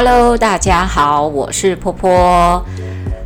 Hello，大家好，我是波波。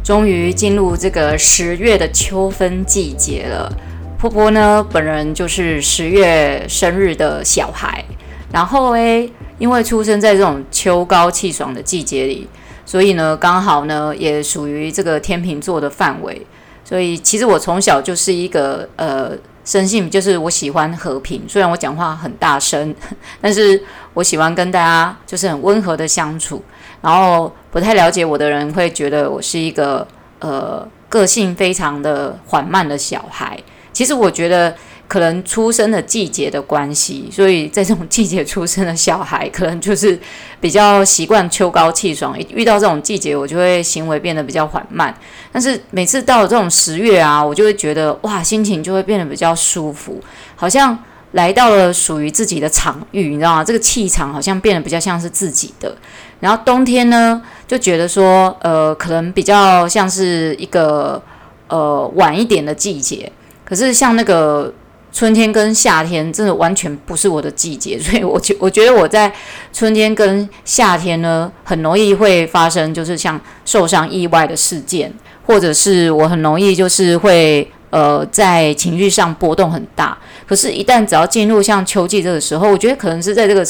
終於進入這個十月的秋分季節了。波波呢，本人就是十月生日的小孩。然後誒，因為出生在這種秋高氣爽的季節裡，所以呢，剛好呢也屬於這個天秤座的範圍。所以其實我從小就是一個呃，生性就是我喜歡和平，雖然我講話很大聲，但是。我喜歡跟大家就是很溫和的相處，然後不太了解我的人會覺得我是一個呃個性非常的緩慢的小孩。其實我覺得可能出生的季節的關係，所以在這種季節出生的小孩可能就是比較習慣秋高氣爽，一遇到這種季節我就會行為變得比較緩慢。但是每次到了這種十月啊，我就會覺得哇，心情就會變得比較舒服，好像。來到了屬於自己的場域，你知道嗎？這個氣場好像變得比較像是自己的。然後冬天呢，就覺得說，呃，可能比較像是一個呃晚一點的季節。可是像那個春天跟夏天，真的完全不是我的季節，所以我就我覺得我在春天跟夏天呢，很容易會發生就是像受傷意外的事件，或者是我很容易就是會。呃，在情緒上波動很大，可是，一旦只要進入像秋季這個時候，我覺得可能是在這個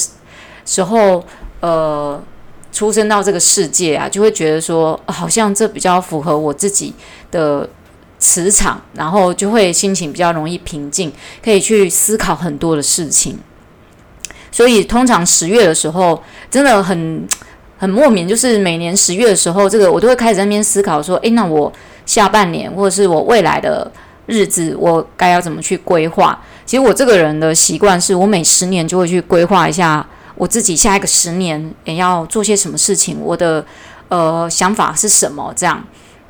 時候，呃，出生到這個世界啊，就會覺得說，哦，好像這比較符合我自己的磁場，然後就會心情比較容易平靜，可以去思考很多的事情。所以，通常十月的時候，真的很很莫名，就是每年十月的時候，這個我都會開始在那邊思考說，誒，那我下半年或者是我未來的。日子我該要怎麼去規劃？其實我這個人的習慣是我每十年就會去規劃一下我自己下一個十年也要做些什麼事情，我的呃想法是什麼？這樣。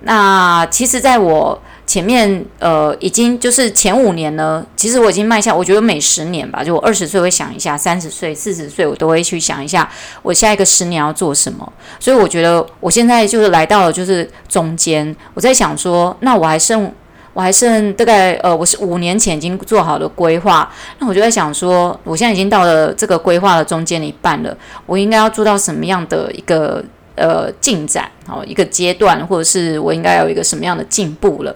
那其實，在我前面呃已經就是前五年呢，其實我已經邁向。我覺得每十年吧，就我二十歲會想一下，三十歲、四十歲我都會去想一下我下一個十年要做什麼。所以我覺得我現在就是來到了就是中間，我在想說，那我還剩。我還剩大概呃，我是五年前已經做好了規劃，那我就在想說，我現在已經到了這個規劃的中間的一半了，我應該要做到什麼樣的一個呃進展，哦，一個階段，或者是我應該有一個什麼樣的進步了？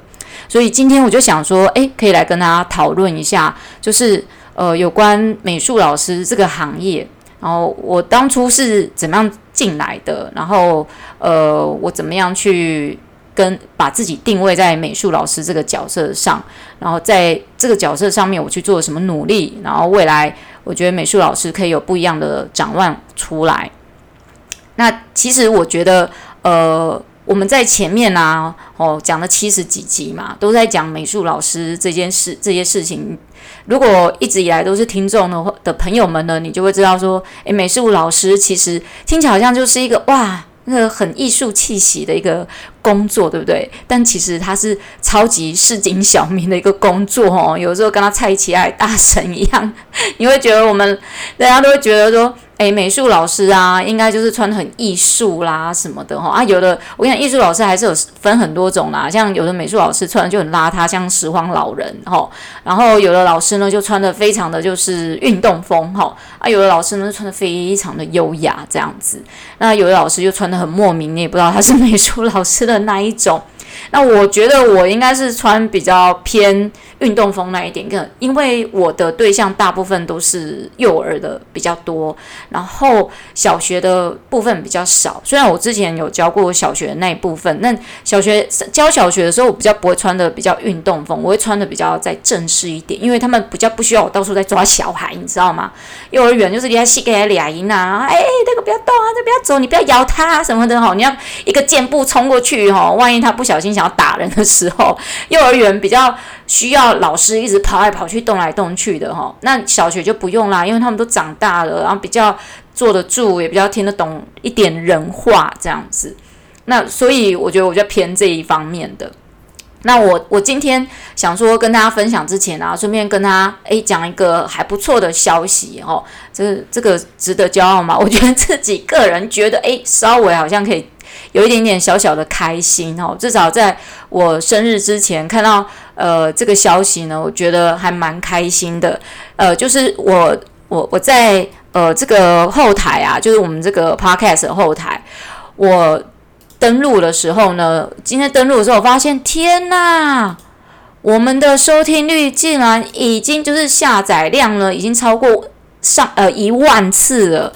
所以今天我就想說，誒，可以來跟大家討論一下，就是呃，有關美術老師這個行業，然後我當初是怎麼樣進來的，然後呃，我怎麼樣去。跟把自己定位在美術老師這個角色上，然後在這個角色上面，我去做什麼努力，然後未來我覺得美術老師可以有不一樣的展望出來。那其實我覺得，呃，我們在前面呢、啊，哦，講了七十幾集嘛，都在講美術老師這件事、這些事情。如果一直以來都是聽眾的話的朋友們呢，你就會知道說，誒，美術老師其實聽起來好像就是一個哇。那個很藝術氣息的一個工作，對不對？但其實他是超級市井小民的一個工作哦，有時候跟他蔡其愛大神一樣，你會覺得我們大家都會覺得說。誒，美術老師啊，應該就是穿的很藝術啦什麼的哈啊，有的我跟你講，藝術老師還是有分很多種啦，像有的美術老師穿的就很邋遢，像拾荒老人哈、哦，然後有的老師呢就穿的非常的就是運動風哈、哦、啊，有的老師呢就穿的非常的優雅這樣子，那有的老師就穿的很莫名，你也不知道他是美術老師的那一種，那我覺得我應該是穿比較偏。運動風那一點更，因為我的對象大部分都是幼兒的比較多，然後小學的部分比較少。雖然我之前有教過小學的那一部分，那小學教小學的時候，我比較不會穿的比較運動風，我會穿的比較再正式一點，因為他們比較不需要我到處在抓小孩，你知道嗎？幼兒園就是給他細給他倆銀啊，哎那、這個不要動啊，就、這個、不要走，你不要咬他、啊、什麼的吼，你要一個箭步衝過去吼，萬一他不小心想要打人的時候，幼兒園比較。需要老師一直跑來跑去，動來動去的齁，那小學就不用啦，因為他們都長大了，然後比較坐得住，也比較聽得懂一點人話這樣子。那所以我覺得，我就偏這一方面的。那我我今天想說跟大家分享之前啊，順便跟他誒講一個還不錯的消息齁，就這是這個值得驕傲嗎？我覺得自己個人覺得誒、欸，稍微好像可以。有一點點小小的開心哦，至少在我生日之前看到呃這個消息呢，我覺得還蠻開心的。呃，就是我我我在呃這個後台啊，就是我們這個 podcast 後台，我登錄的時候呢，今天登錄的時候我發現，天哪，我們的收聽率竟然已經就是下載量呢，已經超過上呃一萬次了。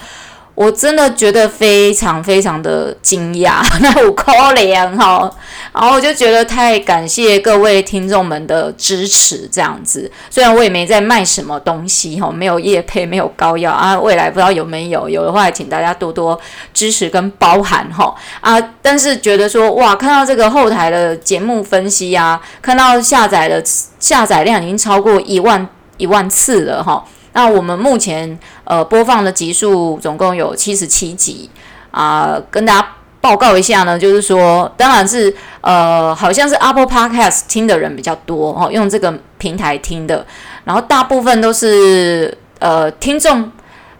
我真的覺得非常非常的驚訝，那 我可憐哈，然後我就覺得太感謝各位聽眾們的支持，這樣子，雖然我也沒在賣什麼東西哈，沒有業配，沒有膏藥啊，未來不知道有沒有，有的話請大家多多支持跟包涵哈啊，但是覺得說哇，看到這個後台的節目分析啊，看到下載的下載量已經超過一萬一萬次了哈。那我們目前呃播放的集數總共有七十七集啊，呃，跟大家報告一下呢，就是說，當然是呃好像是 Apple Podcast 聽的人比較多哦，用這個平台聽的，然後大部分都是呃聽眾，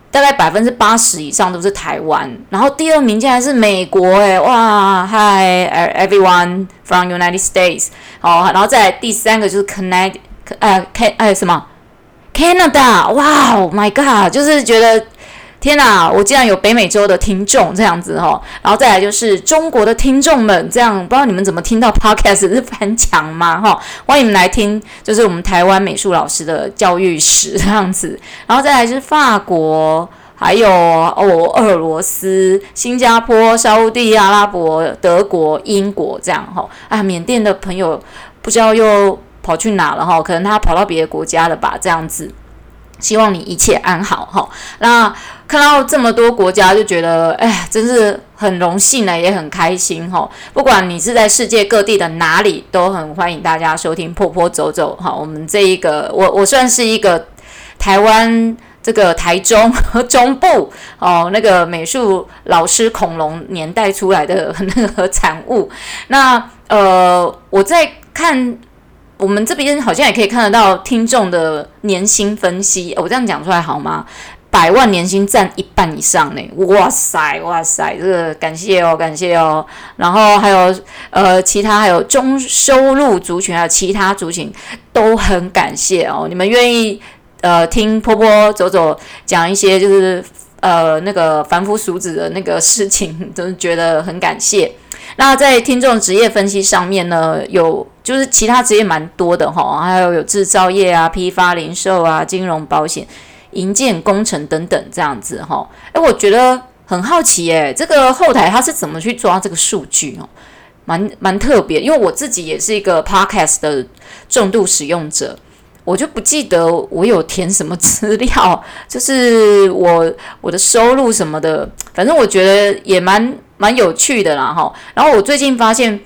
大概百分之八十以上都是台灣，然後第二名竟然是美國哎，哇，Hi everyone from United States，好，哦，然後再第三個就是 Connect，呃 can，呃、什麼？Canada，哇哦，oh，My God，就是覺得天哪，我竟然有北美洲的聽眾這樣子哈，哦，然後再來就是中國的聽眾們這樣，不知道你們怎麼聽到 Podcast 是翻牆嗎？吼，哦，歡迎你們來聽，就是我們台灣美術老師的教育史這樣子，然後再來是法國，還有哦，俄羅斯、新加坡、沙烏地阿拉伯、德國、英國這樣吼，哦。啊，緬甸的朋友不知道又。跑去哪了哈？可能他跑到別的國家了吧？這樣子，希望你一切安好哈。那看到這麼多國家，就覺得哎呀，真是很榮幸呢，也很開心哈。不管你是在世界各地的哪裡，都很歡迎大家收聽“波波走走”哈。我們這一個，我我算是一個台灣這個台中中部哦、呃，那個美術老師恐龍年代出來的那個產物。那呃，我在看。我們這邊好像也可以看得到聽眾的年薪分析，我這樣講出來好嗎？百萬年薪占一半以上呢！哇塞，哇塞，這個感謝哦，感謝哦。然後還有呃，其他還有中收入族群，還有其他族群都很感謝哦。你們願意呃聽波波走走講一些就是呃那個凡夫俗子的那個事情，都是覺得很感謝。那在聽眾職業分析上面呢，有。就是其他職業蠻多的吼，還有有製造業啊、批發零售啊、金融保險、營建工程等等這樣子吼，誒、欸，我覺得很好奇耶、欸，這個後台它是怎麼去抓這個數據哦？蠻蠻特別，因為我自己也是一個 podcast 的重度使用者，我就不記得我有填什麼資料，就是我我的收入什麼的，反正我覺得也蠻蠻有趣的啦吼，然後我最近發現。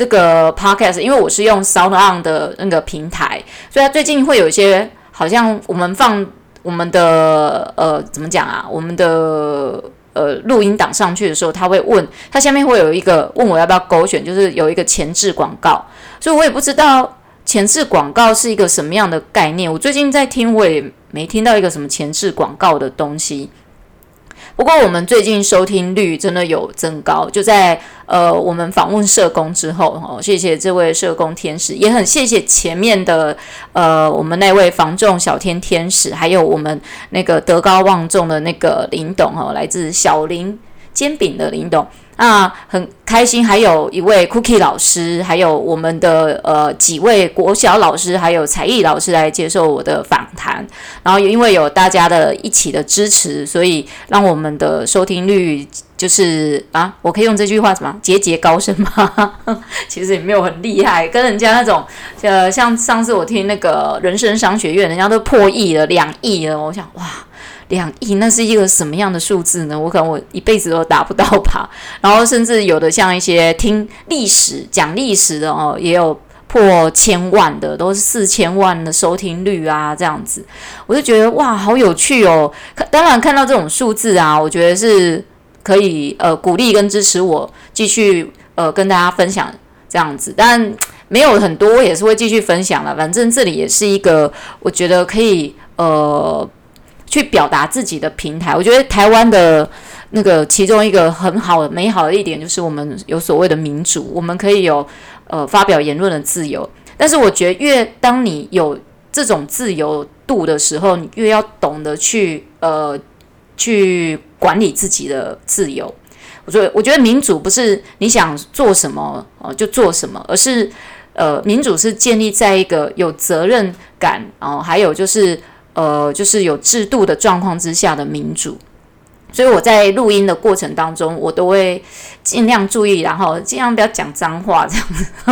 這個 podcast 因為我是用 Sound On 的那個平台，所以它最近會有一些好像我們放我們的呃怎麼講啊，我們的呃錄音檔上去的時候，他會問他下面會有一個問我要不要勾選，就是有一個前置廣告，所以我也不知道前置廣告是一個什麼樣的概念。我最近在聽，我也沒聽到一個什麼前置廣告的東西。不過我們最近收聽率真的有增高，就在呃我們訪問社工之後哦，謝謝這位社工天使，也很謝謝前面的呃我們那位房仲小天天使，還有我們那個德高望重的那個林董哈，來自小林煎餅的林董。那、啊、很開心，還有一位 Cookie 老師，還有我們的呃幾位國小老師，還有才藝老師來接受我的訪談。然後因為有大家的一起的支持，所以讓我們的收聽率就是啊，我可以用這句話什麼節節高升嗎？其實也沒有很厲害，跟人家那種呃，像上次我聽那個人生商學院，人家都破億了，兩億了，我想哇。兩億，那是一個什麼樣的數字呢？我可能我一輩子都達不到吧。然後甚至有的像一些聽歷史、講歷史的哦，也有破千萬的，都是四千萬的收聽率啊，這樣子。我就覺得哇，好有趣哦！當然看到這種數字啊，我覺得是可以呃鼓勵跟支持我繼續呃跟大家分享這樣子。但沒有很多，我也是會繼續分享了。反正這裡也是一個，我覺得可以呃。去表達自己的平台，我覺得台灣的那個其中一個很好的、美好的一點就是我們有所謂的民主，我們可以有呃發表言論的自由。但是我覺得越，越當你有這種自由度的時候，你越要懂得去呃去管理自己的自由。我覺得我覺得民主不是你想做什麼呃就做什麼，而是呃民主是建立在一個有責任感，哦、呃，還有就是。呃，就是有制度的狀況之下的民主，所以我在錄音的過程當中，我都會儘量注意，然後儘量不要講髒話這樣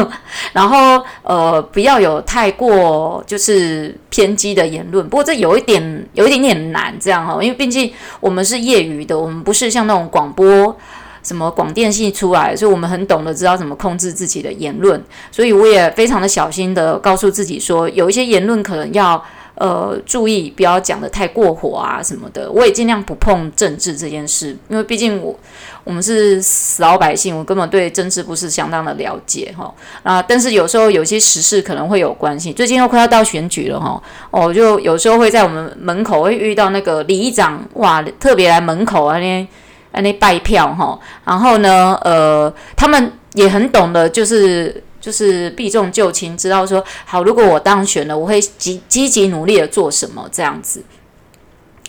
子，然後呃，不要有太過就是偏激的言論。不過這有一點有一點點難這樣哈，因為畢竟我們是業餘的，我們不是像那種廣播什麼廣電系出來，所以我們很懂得知道怎麼控制自己的言論，所以我也非常的小心的告訴自己說，有一些言論可能要。呃，注意不要講得太過火啊什麼的，我也盡量不碰政治這件事，因為畢竟我我們是死老百姓，我根本對政治不是相當的了解哈、哦。啊，但是有時候有些時事可能會有關係，最近又快要到選舉了哈，我、哦、就有時候會在我們門口會遇到那個里長，哇，特別來門口啊那那拜票哈、哦，然後呢，呃，他們也很懂得就是。就是避重就輕，知道說好，如果我當選了，我會積積極努力的做什麼這樣子。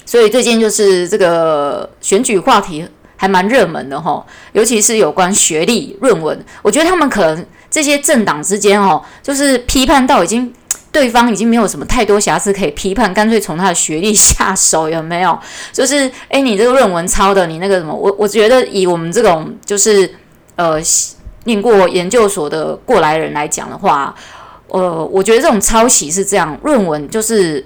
所以最近就是這個選舉話題還蠻熱門的吼，尤其是有關學歷、論文。我覺得他們可能這些政黨之間哦，就是批判到已經對方已經沒有什麼太多瑕疵可以批判，乾脆從他的學歷下手有沒有？就是誒，你這個論文抄的，你那個什麼？我我覺得以我們這種就是呃。過研究所的過來人來講的話，呃，我覺得這種抄襲是這樣，論文就是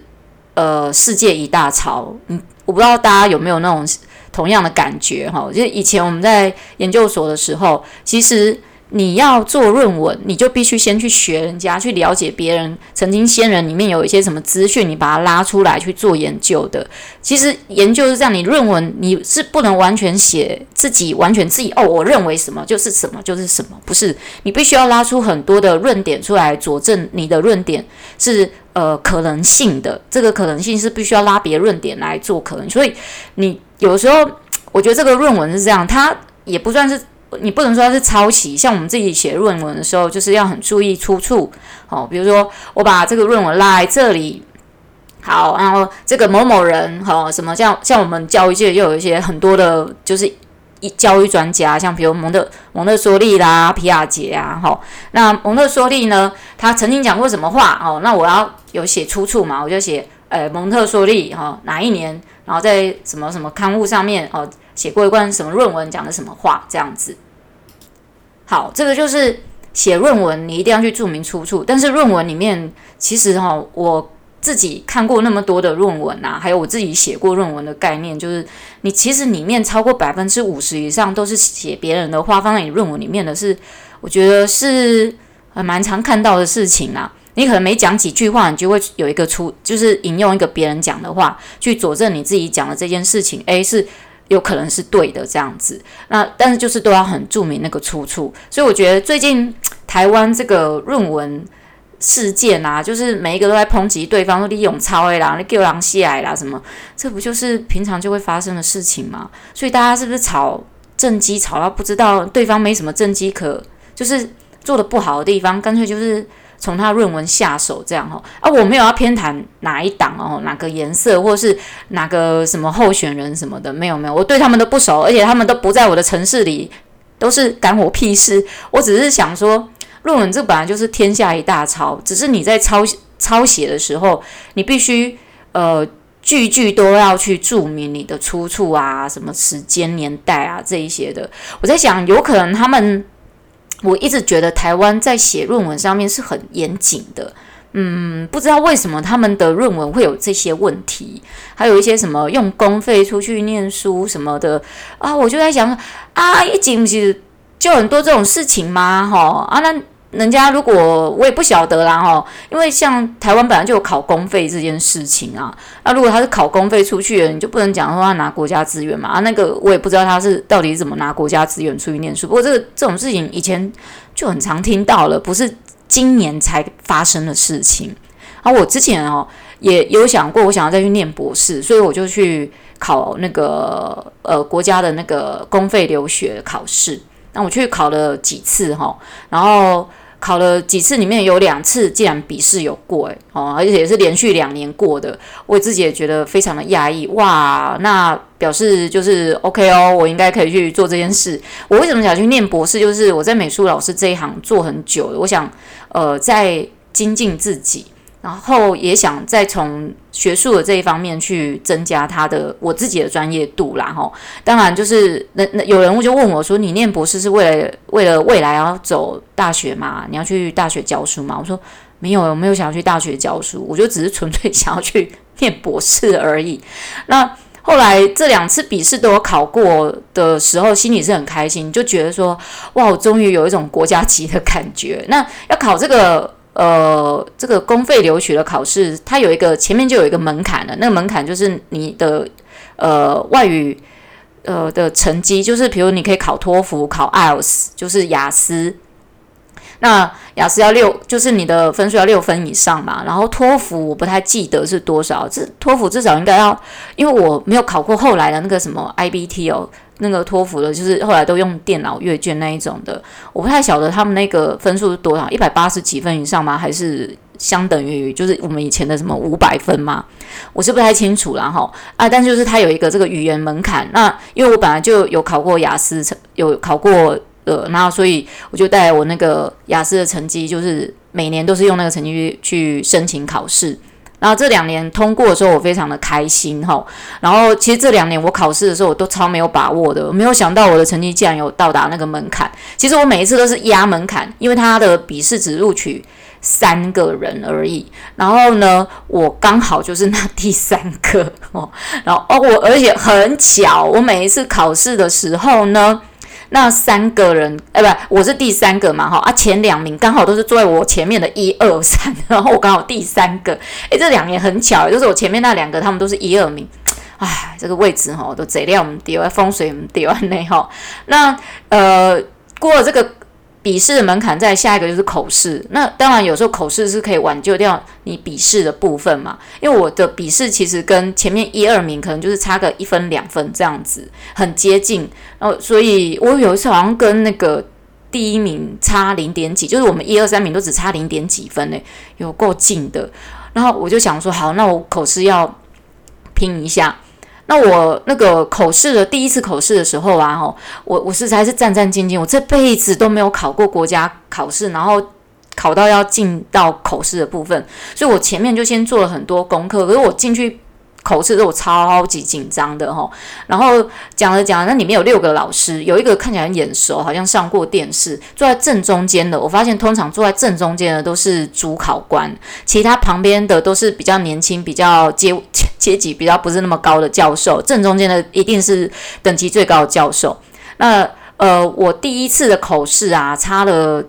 呃，世界一大抄。嗯，我不知道大家有沒有那種同樣的感覺哈？就是以前我們在研究所的時候，其實。你要做論文，你就必須先去學人家，去了解別人曾經先人裡面有一些什麼資訊，你把它拉出來去做研究的。其實研究是這樣，你論文你是不能完全寫自己，完全自己哦，我認為什麼就是什麼就是什麼，不是，你必須要拉出很多的論點出來佐證你的論點是呃可能性的，這個可能性是必須要拉別論點來做可能。所以你有時候，我覺得這個論文是這樣，它也不算是。你不能說它是抄襲，像我們自己寫論文的時候，就是要很注意出處。好、哦，比如說我把這個論文拉在這裡，好，然後這個某某人，哈、哦，什麼像像我們教育界又有一些很多的，就是一教育專家，像比如蒙特蒙特梭利啦、皮亞傑啊，哈、哦。那蒙特梭利呢，他曾經講過什麼話？哦，那我要有寫出處嘛，我就寫，誒、哎，蒙特梭利哈、哦，哪一年，然後在什麼什麼刊物上面哦。寫過一關什麼論文講的什麼話這樣子，好，這個就是寫論文你一定要去注明出處。但是論文裡面其實哈、哦，我自己看過那麼多的論文吶、啊，還有我自己寫過論文的概念，就是你其實裡面超過百分之五十以上都是寫別人的話放在你論文裡面的是，我覺得是蠻常看到的事情啦、啊。你可能沒講幾句話，你就會有一個出，就是引用一個別人講的話去佐證你自己講的這件事情。A 是。有可能是對的這樣子，那但是就是都要很注明那個出處，所以我覺得最近台灣這個論文事件啊，就是每一個都在抨擊對方，說李永超哎啦，你狗狼西矮啦什麼，這不就是平常就會發生的事情嗎？所以大家是不是吵政績吵到不知道對方沒什麼政績可，就是做得不好的地方，乾脆就是。從他論文下手，這樣哦。啊，我沒有要偏袒哪一黨哦，哪個顏色，或者是哪個什麼候選人什麼的，沒有沒有，我對他們都不熟，而且他們都不在我的城市裡，都是干我屁事。我只是想說，論文這本來就是天下一大抄，只是你在抄抄寫的時候，你必須呃句句都要去注明你的出處啊，什麼時間年代啊這一些的。我在想，有可能他們。我一直覺得台灣在寫論文上面是很嚴謹的，嗯，不知道為什麼他們的論文會有這些問題，還有一些什麼用公費出去念書什麼的啊，我就在想啊，以前不是就很多這種事情嘛，哈，啊那。人家如果我也不曉得啦哈，因為像台灣本來就有考公費這件事情啊，那如果他是考公費出去的，你就不能講說他拿國家資源嘛啊，那個我也不知道他是到底是怎麼拿國家資源出去念書。不過這個這種事情以前就很常聽到了，不是今年才發生的事情。啊我之前哦也有想過，我想要再去念博士，所以我就去考那個呃國家的那個公費留學考試。那我去考了幾次哈，然後。考了幾次，裡面有兩次竟然筆試有過，欸，哎哦，而且也是連續兩年過的，我自己也覺得非常的訝異。哇！那表示就是 OK 哦，我應該可以去做這件事。我為什麼想去念博士？就是我在美術老師這一行做很久了，我想呃再精進自己。然後也想再從學術的這一方面去增加他的我自己的專業度啦。然後當然就是那那有人我就問我說：“你念博士是為了為了未來要走大學嗎？你要去大學教書嗎？”我說：“沒有，我沒有想要去大學教書，我就只是純粹想要去念博士而已。”那那後來這兩次筆試都有考過的時候，心裡是很開心，就覺得說：“哇，我終於有一種國家級的感覺。”那那要考這個。呃，這個公費留學的考試，它有一個前面就有一個門檻的，那個門檻就是你的呃外語呃的成績，就是譬如你可以考托福、考 IELTS，就是雅思。那雅思要六，就是你的分數要六分以上嘛。然後托福我不太記得是多少，這托福至少應該要，因為我沒有考過後來的那個什麼 IBT 哦。那個托福的就是後來都用電腦閱卷那一種的，我不太曉得他們那個分數是多少，一百八十幾分以上嗎？還是相等於就是我們以前的什麼五百分嗎？我是不太清楚啦。哈。啊，但是就是它有一個這個語言門檻。那因為我本來就有考過雅思成，有考過的，然後所以我就帶我那個雅思的成績，就是每年都是用那個成績去,去申請考試。然後這兩年通過的時候，我非常的開心吼，然後其實這兩年我考試的時候，我都超沒有把握的，我沒有想到我的成績竟然有到達那個門檻。其實我每一次都是壓門檻，因為他的筆試只錄取三個人而已。然後呢，我剛好就是那第三個哦。然後哦，我而且很巧，我每一次考試的時候呢。那三個人，哎、欸，不是，我是第三個嘛，哈啊，前兩名剛好都是坐在我前面的，一二三，然後我剛好第三個，哎、欸，這兩也很巧，欸，就是我前面那兩個，他們都是一二名，哎，這個位置哈，都賊靚，不對，風水不對哈，那呃，過了這個。筆試的門檻在下一個就是口試，那當然有時候口試是可以挽救掉你筆試的部分嘛，因為我的筆試其實跟前面一、二名可能就是差個一分兩分這樣子，很接近。然後所以我有一次好像跟那個第一名差零點幾，就是我們一二三名都只差零點幾分欸，有夠近的。然後我就想說，好，那我口試要拼一下。那我那個口試的第一次口試的時候啊，吼，我我是還是戰戰兢兢，我這輩子都沒有考過國家考試，然後考到要進到口試的部分，所以我前面就先做了很多功課。可是我進去口試都我超級緊張的，哦，然後講着講了，那裡面有六個老師，有一個看起來很眼熟，好像上過電視，坐在正中間的。我發現通常坐在正中間的都是主考官，其他旁邊的都是比較年輕、比較接。階級比較不是那麼高的教授，正中間的一定是等級最高的教授。那呃，我第一次的口試啊，差了，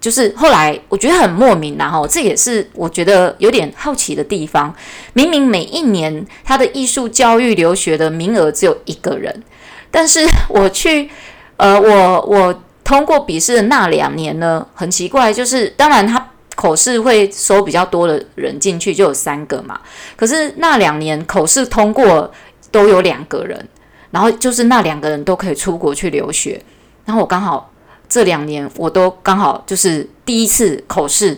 就是後來我覺得很莫名啊，然後這也是我覺得有點好奇的地方。明明每一年他的藝術教育留學的名額只有一個人，但是我去，呃，我我通過筆試的那兩年呢，很奇怪，就是當然他。口試會收比較多的人進去，就有三個嘛。可是那兩年口試通過都有兩個人，然後就是那兩個人都可以出國去留學。然後我剛好這兩年我都剛好就是第一次口試，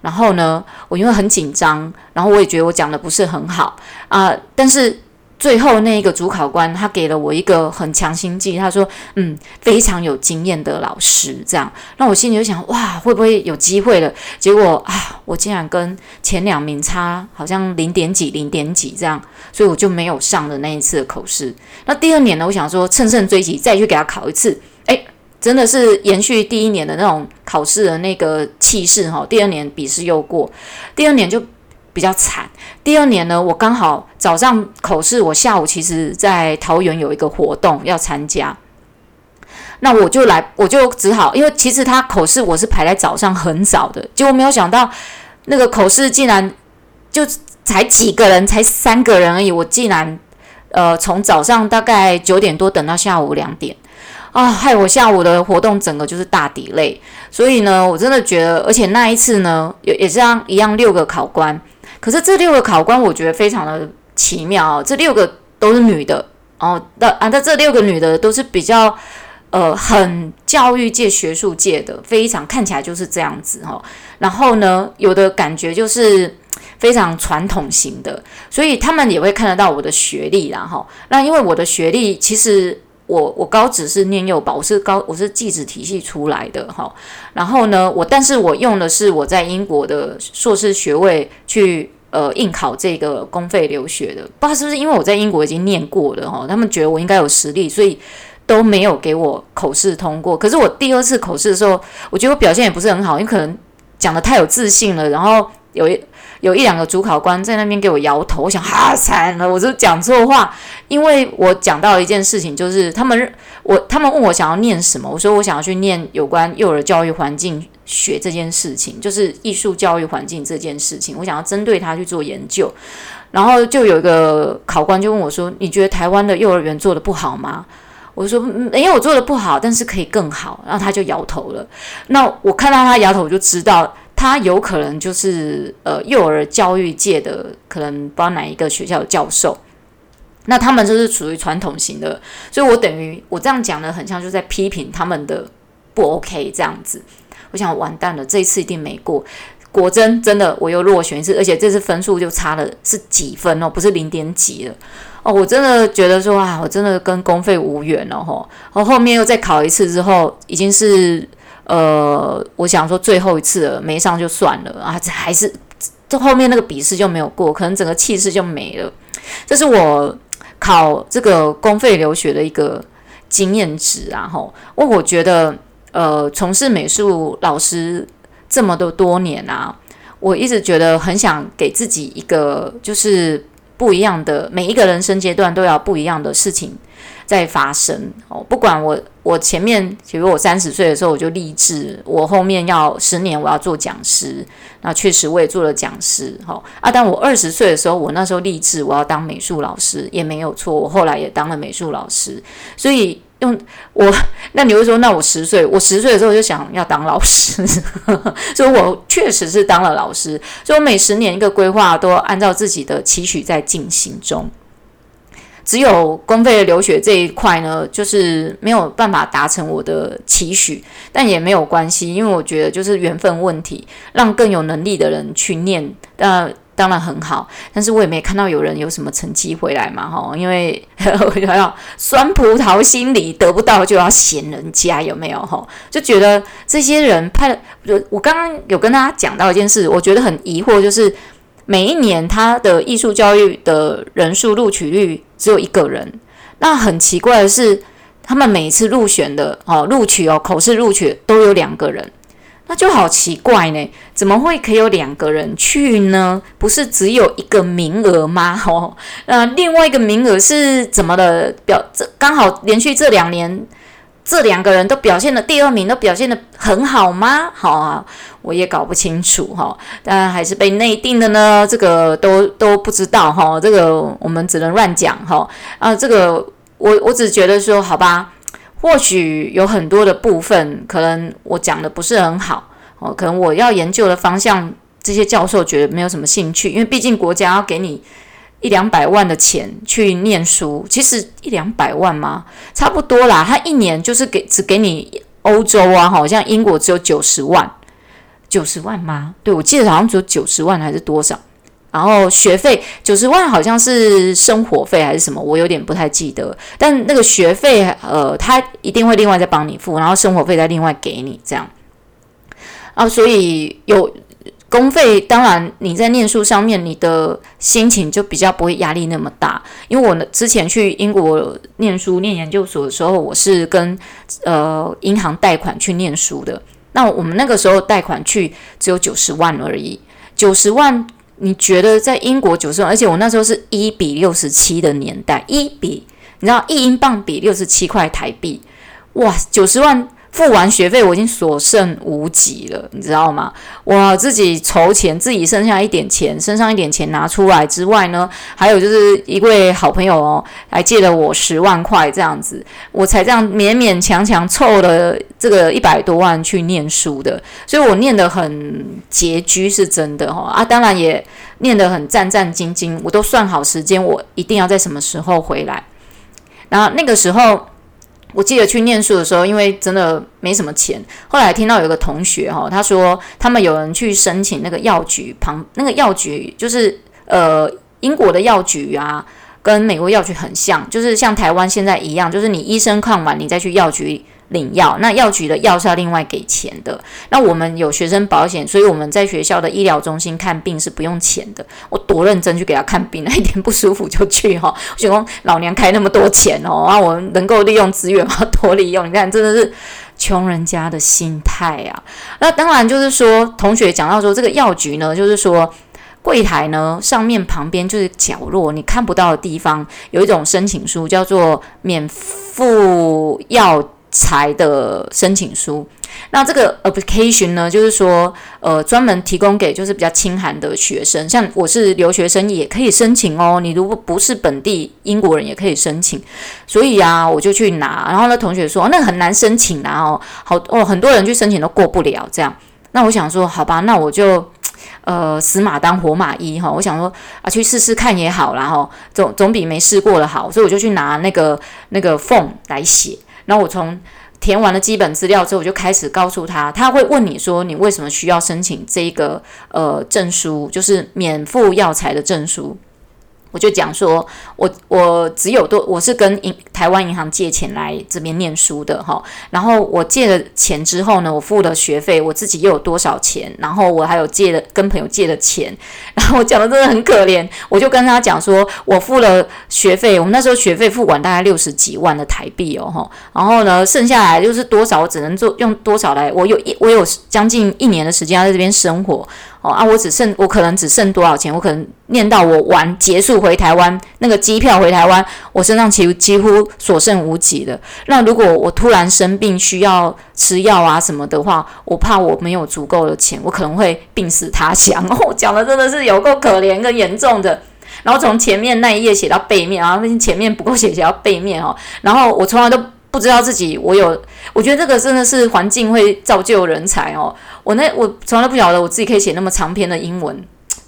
然後呢，我因為很緊張，然後我也覺得我講的不是很好啊，呃，但是。最後那一個主考官，他給了我一個很強心劑，他說：“嗯，非常有經驗的老師這樣。”那我心裡就想：“哇，會不會有機會了？”結果啊，我竟然跟前兩名差好像零點幾、零點幾這樣，所以我就沒有上的那一次的口試。那第二年呢，我想說乘勝追擊，再去給他考一次。哎、欸，真的是延續第一年的那種考試的那個氣勢哈。第二年筆試又過，第二年就。比較慘。第二年呢，我剛好早上口試，我下午其實在桃園有一個活動要參加，那我就來，我就只好，因為其實他口試我是排在早上很早的，結果沒有想到那個口試竟然就才幾個人，嗯、才三個人而已。我竟然呃從早上大概九點多等到下午兩點，啊，害我下午的活動整個就是大 delay。所以呢，我真的覺得，而且那一次呢，也也這樣一樣六個考官。可是這六個考官，我覺得非常的奇妙哦，這六個都是女的哦。那啊，那這六個女的都是比較呃，很教育界、學術界的，非常看起來就是這樣子哦。然後呢，有的感覺就是非常傳統型的，所以他們也會看得到我的學歷，哦，然後那因為我的學歷其實。我我高職是念幼保，我是高我是技職體系出來的哈，然後呢，我但是我用的是我在英國的碩士學位去呃應考這個公費留學的，不知道是不是因為我在英國已經念過了哈，他們覺得我應該有實力，所以都沒有給我口試通過。可是我第二次口試的時候，我覺得我表現也不是很好，因為可能講得太有自信了，然後有一。有一兩個主考官在那邊給我搖頭，我想哈、啊、慘了，我就講錯話。因為我講到一件事情，就是他們我他們問我想要念什麼，我說我想要去念有關幼兒教育環境學這件事情，就是藝術教育環境這件事情，我想要針對他去做研究。然後就有一個考官就問我說：“你覺得台灣的幼兒園做得不好嗎？”我說：“沒有做得不好，但是可以更好。”然後他就搖頭了。那我看到他搖頭，我就知道。他有可能就是呃，幼兒教育界的可能不知道哪一個學校的教授，那他們就是屬於傳統型的，所以我等於我這樣講的很像就在批評他們的不 OK 這樣子。我想完蛋了，這一次一定沒過，果真真的我又落選一次，而且這次分數就差了是幾分哦，不是零點幾了哦，我真的覺得說啊，我真的跟公費無緣了哦，哦。我後面又再考一次之後，已經是。呃，我想說，最後一次了，沒上就算了啊，這還是，這後面那個筆試就沒有過，可能整個氣勢就沒了。這是我考這個公費留學的一個經驗值啊，哈。我我覺得，呃，從事美術老師這麼多多年啊，我一直覺得很想給自己一個就是不一樣的，每一個人生階段都要不一樣的事情。在發生哦，不管我，我前面，比如我三十歲的時候我就立志，我後面要十年我要做講師，那確實我也做了講師，好啊，但我二十歲的時候，我那時候立志我要當美術老師也沒有錯，我後來也當了美術老師，所以用我，那你會說，那我十歲，我十歲的時候就想要當老師呵呵，所以我確實是當了老師，所以我每十年一個規劃都要按照自己的期許在進行中。只有公費的留學這一塊呢，就是沒有辦法達成我的期許，但也沒有關係，因為我覺得就是緣分問題，讓更有能力的人去念，那當然，當然很好。但是我也沒看到有人有什麼成績回來嘛，哈，因為呵呵我要酸葡萄心理，得不到就要嫌人家有沒有，吼，就覺得這些人派，我剛剛有跟大家講到一件事，我覺得很疑惑，就是。每一年他的藝術教育的人數錄取率只有一個人，那很奇怪的是，他們每一次入選的哦，錄取哦，口試錄取都有兩個人，那就好奇怪呢，怎麼會可以有兩個人去呢？不是只有一個名額嗎？哦，那另外一個名額是怎麼的？表這剛好連續這兩年。這兩個人都表現的第二名都表現得很好嗎？好啊，我也搞不清楚哈。但還是被內定的呢，這個都都不知道哈。這個我們只能亂講哈。啊，這個我我只覺得說，好吧，或許有很多的部分，可能我講得不是很好哦。可能我要研究的方向，這些教授覺得沒有什麼興趣，因為畢竟國家要給你。一兩百萬的錢去念書，其實一兩百萬嗎？差不多啦。他一年就是給只給你歐洲啊，好像英國只有九十萬，九十萬嗎？對，我記得好像只有九十萬還是多少。然後學費九十萬好像是生活費還是什麼，我有點不太記得。但那個學費呃，他一定會另外再幫你付，然後生活費再另外給你這樣。啊，所以有。公費當然，你在念書上面，你的心情就比較不會壓力那麼大。因為我之前去英國念書、念研究所的時候，我是跟呃銀行貸款去念書的。那我們那個時候貸款去只有九十萬而已，九十萬，你覺得在英國九十萬？而且我那時候是一比六十七的年代，一比，你知道一英鎊比六十七塊台幣，哇，九十萬。付完學費，我已經所剩無幾了，你知道嗎？我自己籌錢，自己剩下一點錢，身上一點錢拿出來之外呢，還有就是一位好朋友哦，還借了我十萬塊這樣子，我才這樣勉勉強強湊了這個一百多萬去念書的，所以我念得很拮據，是真的哦。啊，當然也念得很戰戰兢兢，我都算好時間，我一定要在什麼時候回來，然後那個時候。我記得去念書的時候，因為真的沒什麼錢。後來聽到有個同學哈，他說他們有人去申請那個藥局旁，那個藥局就是呃英國的藥局啊，跟美國藥局很像，就是像台灣現在一樣，就是你醫生看完你再去藥局。領藥，那藥局的藥是要另外給錢的。那我們有學生保險，所以我們在學校的醫療中心看病是不用錢的。我多認真去給他看病，那一點不舒服就去哈。我說老娘開那麼多錢哦，啊，我們能夠利用資源嗎？多利用，你看，真的是窮人家的心態啊。那當然就是說，同學講到說，這個藥局呢，就是說櫃台呢，上面旁邊就是角落，你看不到的地方有一種申請書，叫做免付藥。才的申請書，那這個 application 呢，就是說，呃，專門提供給就是比較輕寒的學生，像我是留學生也可以申請哦。你如果不是本地英國人也可以申請，所以啊，我就去拿。然後呢，同學說、哦、那很難申請然、啊、哦，好哦，很多人去申請都過不了這樣。那我想說，好吧，那我就呃死馬當活馬醫哈、哦，我想說啊，去試試看也好啦，然後總總比沒試過的好，所以我就去拿那個那個縫 o 來寫。然後我從填完了基本資料之後，我就開始告訴他，他會問你說你為什麼需要申請這個呃證書，就是免付藥材的證書。我就講說，我我只有多，我是跟銀台灣銀行借錢來這邊念書的哈。然後我借了錢之後呢，我付了學費，我自己又有多少錢，然後我還有借的跟朋友借的錢，然後我講的真的很可憐。我就跟他講說，我付了學費，我們那時候學費付完大概六十幾萬的台幣哦吼，然後呢，剩下來就是多少，我只能做用多少來，我有一我有將近一年的時間要在這邊生活。哦啊！我只剩我可能只剩多少錢？我可能念到我完結束回台灣那個機票回台灣，我身上幾幾乎所剩無幾的。那如果我突然生病需要吃藥啊什麼的話，我怕我沒有足夠的錢，我可能會病死他鄉哦。講的真的是有夠可憐跟嚴重的。然後從前面那一頁寫到背面啊，發現前面不夠寫，寫到背面哦。然後我從來都不知道自己，我有，我覺得這個真的是環境會造就人才哦。我那我從來不曉得我自己可以寫那麼長篇的英文，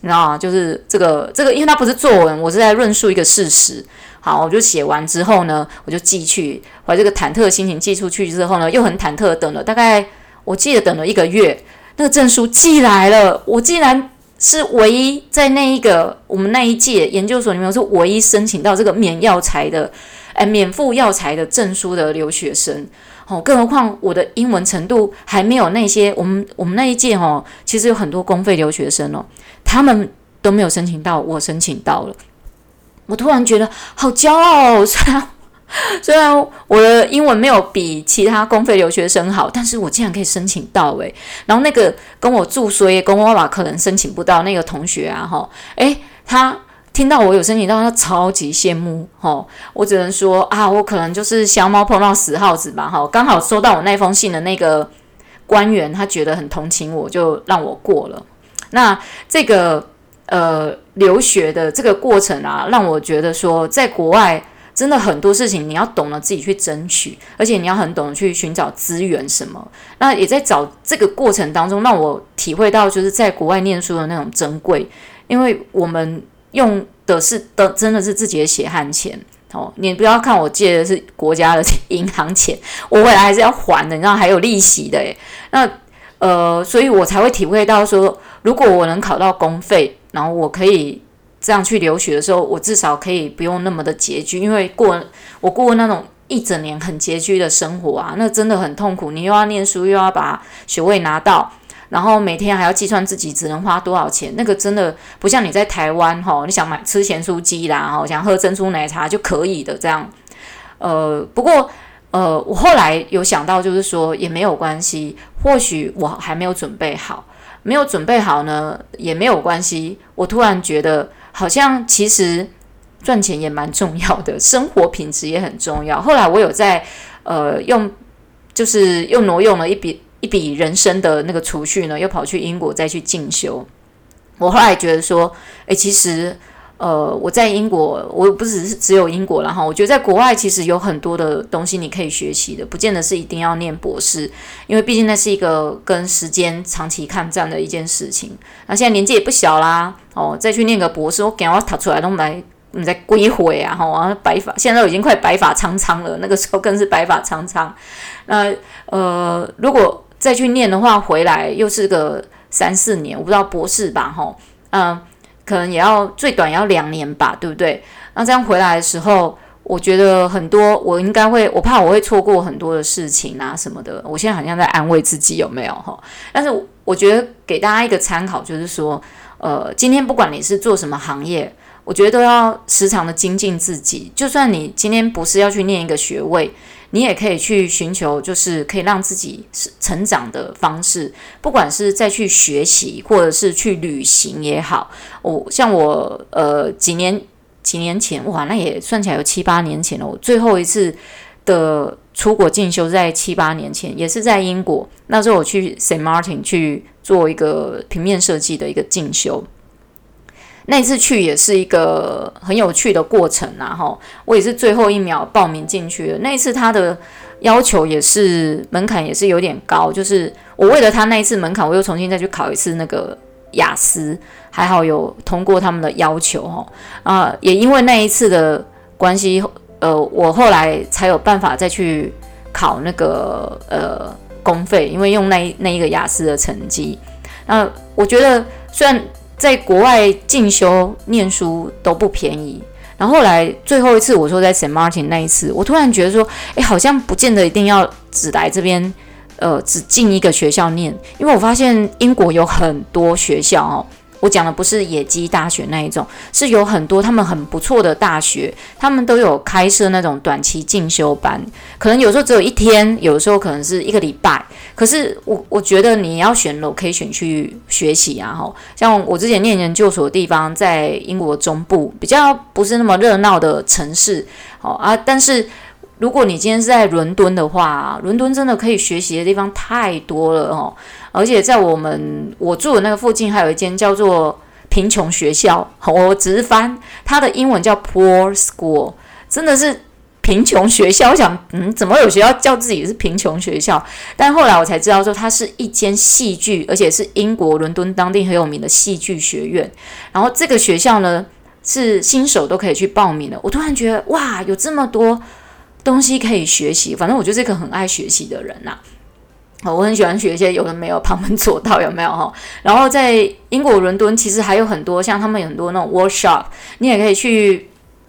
你知道嗎？就是這個這個，因為它不是作文，我是在論述一個事實。好，我就寫完之後呢，我就寄去，把這個忐忑的心情寄出去之後呢，又很忐忑等了大概，我記得等了一個月，那個證書寄來了，我竟然。是唯一在那一個我們那一屆研究所裡面，是唯一申請到這個免藥材的，呃、免付藥材的證書的留學生。哦，更何況我的英文程度還沒有那些我們我們那一屆哦，其實有很多公費留學生哦，他們都沒有申請到，我申請到了。我突然覺得好驕傲，哦！ 雖然我的英文沒有比其他公費留學生好，但是我竟然可以申請到誒、欸，然後那個跟我住所以跟我爸可能申請不到那個同學啊哈，誒，他聽到我有申請到，他超級羨慕吼，我只能說啊，我可能就是瞎貓碰到死耗子吧哈。剛好收到我那封信的那個官員，他覺得很同情我，就讓我過了。那這個呃留學的這個過程啊，讓我覺得說在國外。真的很多事情你要懂得自己去爭取，而且你要很懂得去尋找資源什麼。那也在找這個過程當中，讓我體會到就是在國外念書的那種珍貴，因為我們用的是的真的是自己的血汗錢哦。你不要看我借的是國家的銀行錢，我未來還是要還的，你知道還有利息的誒。那呃，所以我才會體會到說，如果我能考到公費，然後我可以。這樣去留學的時候，我至少可以不用那麼的拮據，因為過我過那種一整年很拮據的生活啊，那真的很痛苦。你又要念書，又要把學位拿到，然後每天還要計算自己只能花多少錢，那個真的不像你在台灣哈、哦，你想買吃鹹酥雞啦，哦，想喝珍珠奶茶就可以的這樣。呃，不過呃，我後來有想到，就是說也沒有關係，或許我還沒有準備好，沒有準備好呢也沒有關係。我突然覺得。好像其實賺錢也蠻重要的，生活品質也很重要。後來我有在呃用，就是又挪用了一筆一筆人生的那個儲蓄呢，又跑去英國再去進修。我後來覺得說，哎，其實。呃，我在英國，我不只是只有英國。然後我覺得在國外其實有很多的東西你可以學習的，不見得是一定要念博士，因為畢竟那是一個跟時間長期抗戰的一件事情。那現在年紀也不小啦，哦，再去念個博士，我趕快逃出來都沒，弄來你再歸回啊，吼、哦，白髮現在都已經快白髮蒼蒼了，那個時候更是白髮蒼蒼。那呃，如果再去念的話，回來又是個三四年，我不知道博士吧，吼、哦，嗯、呃。可能也要最短要兩年吧，對不對？那這樣回來的時候，我覺得很多，我應該會，我怕我會錯過很多的事情啊什麼的。我現在好像在安慰自己，有沒有哈？但是我覺得給大家一個參考，就是說，呃，今天不管你是做什麼行業，我覺得都要時常的精進自己。就算你今天不是要去念一個學位。你也可以去尋求，就是可以讓自己成長的方式，不管是再去學習，或者是去旅行也好。我、哦、像我呃幾年幾年前，哇，那也算起來有七八年前了。我最後一次的出國進修在七八年前，也是在英國。那時候我去 St. Martin 去做一個平面設計的一個進修。那次去也是一個很有趣的過程，然後，我也是最後一秒報名進去的。那一次他的要求也是門檻也是有點高，就是我為了他那一次門檻，我又重新再去考一次那個雅思，還好有通過他們的要求，哈，啊，也因為那一次的關係，呃，我後來才有辦法再去考那個呃公費，因為用那那一個雅思的成績，那，呃，我覺得雖然。在國外進修念書都不便宜，然後來最後一次我說在 St Martin 那一次，我突然覺得說，哎，好像不見得一定要只來這邊，呃，只進一個學校念，因為我發現英國有很多學校哦。我講的不是野雞大學那一種，是有很多他們很不錯的大學，他們都有開設那種短期進修班，可能有時候只有一天，有時候可能是一個禮拜。可是我我覺得你要選 location 去學習啊，吼像我之前念研究所的地方在英國中部，比較不是那麼熱鬧的城市，哦啊，但是。如果你今天是在倫敦的話，倫敦真的可以學習的地方太多了哦。而且在我們我住的那個附近，還有一間叫做“貧窮學校”，我直翻它的英文叫 “Poor School”，真的是貧窮學校。我想，嗯，怎麼有學校叫自己是貧窮學校？但後來我才知道，說它是一間戲劇，而且是英國倫敦當地很有名的戲劇學院。然後這個學校呢，是新手都可以去報名的。我突然覺得，哇，有這麼多！東西可以學習，反正我就是一個很愛學習的人吶、啊。我很喜歡學一些有的沒有旁門左道有沒有哈？然後在英國倫敦其實還有很多像他們有很多那種 workshop，你也可以去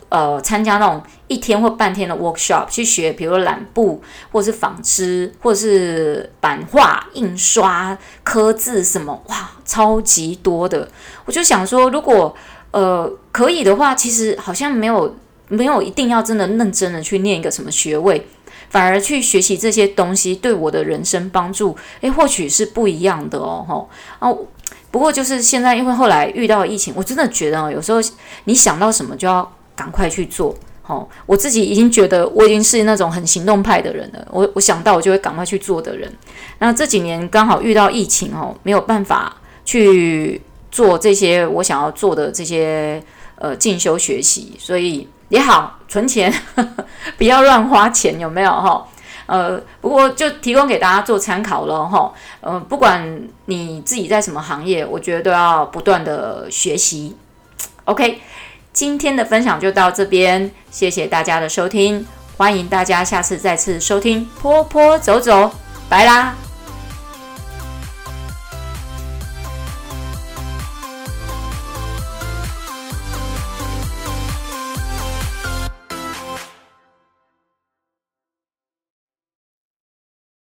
呃參加那種一天或半天的 workshop 去學，比如說染布或是紡織或是版畫印刷刻字什麼，哇，超級多的。我就想說，如果呃可以的話，其實好像沒有。沒有一定要真的認真的去念一個什麼學位，反而去學習這些東西對我的人生幫助，誒，或許是不一樣的哦，哈、哦。不過就是現在，因為後來遇到疫情，我真的覺得哦，有時候你想到什麼就要趕快去做，哈、哦。我自己已經覺得我已經是那種很行動派的人了，我我想到我就會趕快去做的人。那這幾年剛好遇到疫情哦，沒有辦法去做這些我想要做的這些呃進修學習，所以。也好，存錢呵呵，不要亂花錢，有沒有、哦？呃，不過就提供給大家做參考了、哦，呃，不管你自己在什麼行業，我覺得都要不斷的學習。OK，今天的分享就到這邊，謝謝大家的收聽，歡迎大家下次再次收聽，波波走走，拜啦。